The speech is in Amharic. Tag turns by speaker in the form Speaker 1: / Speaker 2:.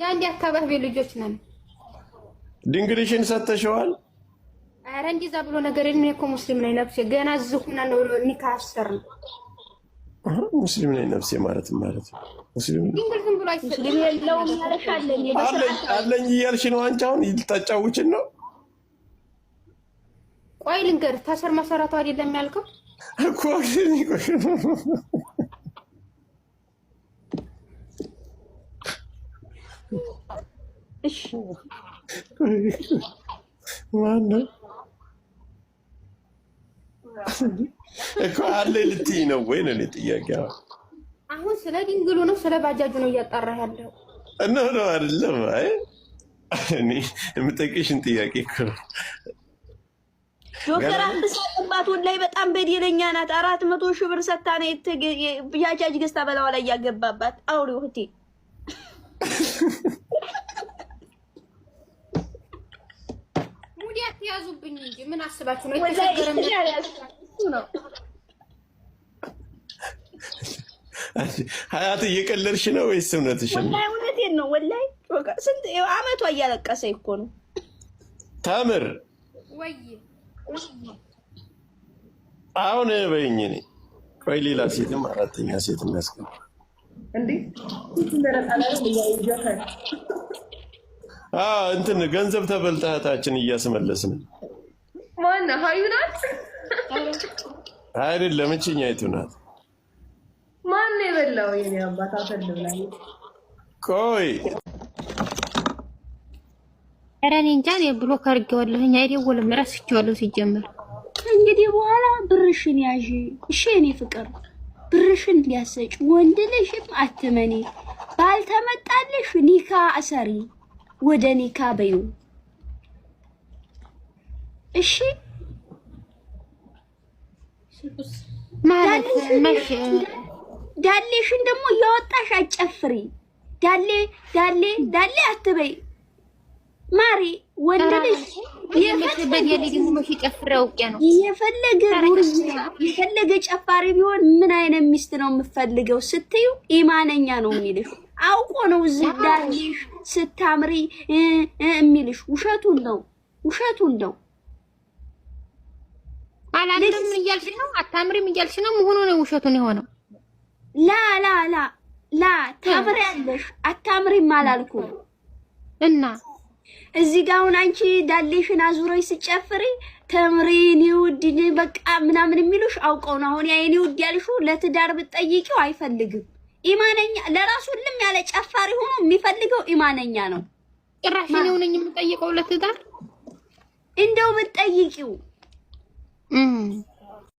Speaker 1: የአንድ አካባቢ ልጆች ነን።
Speaker 2: ድንግልሽን ሰጥተሽዋል?
Speaker 1: ኧረ እንዲዛ ብሎ ነገር እኔ እኮ ሙስሊም ነኝ ነፍሴ ገና ዝሁና ነው ኒካ አሰር
Speaker 2: ሙስሊም ነኝ ነፍሴ ማለት ማለት ሙስሊም
Speaker 3: ብሎ
Speaker 2: አለኝ እያልሽ ነው አንቺ። አሁን ልታጫውችን ነው?
Speaker 1: ቆይ ልንገርህ፣ ታሰር መሰረቱ አይደለም ያልከው
Speaker 2: እኮ ማነው እኮ አለ ልትይ ነው ወይ ነው ጥያቄ?
Speaker 1: አሁን ስለ ድንግሉ ነው ስለ ባጃጁ ነው እያጣራ ያለው
Speaker 2: እና ነው አይደለም? አይ የምጠይቅሽን ጥያቄ እኮ
Speaker 1: ዶክተር አንበሳ ቅባቱን ላይ በጣም በደለኛ ናት። አራት መቶ ሺህ ብር ሰታ ነው ባጃጅ ገዝታ በላዋ ላይ ያገባባት አውሪ ውህቴ ሙዲ አትያዙብኝ እንጂ ምን አስባችሁ
Speaker 3: ነው?
Speaker 2: ሀያት እየቀለድሽ ነው ወይስ እውነትሽ
Speaker 1: ነው? እውነቴን ነው። ወላሂ ስንት አመቷ እያለቀሰ እኮ ነው ታምር ወይ
Speaker 2: አሁን በይኝ። ቆይ ሌላ ሴትም አራተኛ ሴት የሚያስገባ
Speaker 4: እንትን
Speaker 2: ገንዘብ ተበልጣታችን እያስመለስን
Speaker 1: ማነው? ሀዩ ናት
Speaker 2: አይደለም? እችኛይቱ ናት።
Speaker 1: ማነው የበላው? የኔ አባት አፈልብ ላይ ቆይ ኧረ እኔ እንጃ ብሎክ አድርጌዋለሁኝ። አይደወልም እረስቼዋለሁ።
Speaker 3: እንግዲህ በኋላ ብርሽን ያዥ እሺ፣ የኔ ፍቅር ብርሽን ሊያሰጭ ወንድልሽም አትመኒ፣ ባልተመጣልሽ ኒካ አሰሪ ወደ ኒካ በዩ። እሺ ዳሌሽን ደግሞ እያወጣሽ አጨፍሪ። ዳሌ ዳሌ ዳሌ አትበይ ማሪ ወንድ ልጅ የፈለገ ጨፋሪ ቢሆን ምን አይነት ሚስት ነው የምፈልገው ስትዩ ኢማነኛ ነው የሚልሽ። አውቆ ነው ዝዳልሽ ስታምሪ የሚልሽ። ውሸቱን ነው ውሸቱን ነው።
Speaker 1: አላምርም እያልሽ ነው፣ አታምሪም እያልሽ ነው። መሆኑ ነው ውሸቱን የሆነው።
Speaker 3: ላ ላ ላ ላ ታምሪ አታምሪም አላልኩም እና እዚህ ጋ አሁን አንቺ ዳሌሽን አዙረሽ ስጨፍሪ ተምሬን ውድ በቃ ምናምን የሚሉሽ አውቀው ነው። አሁን ያይኔ ውድ ያልሽው ለትዳር ብትጠይቂው አይፈልግም። ኢማነኛ ለራሱ ሁሉም ያለ ጨፋሪ ሆኖ የሚፈልገው ኢማነኛ ነው።
Speaker 1: ጭራሽ እኔው ነኝ የምጠይቀው ለትዳር
Speaker 3: እንደው ብትጠይቂው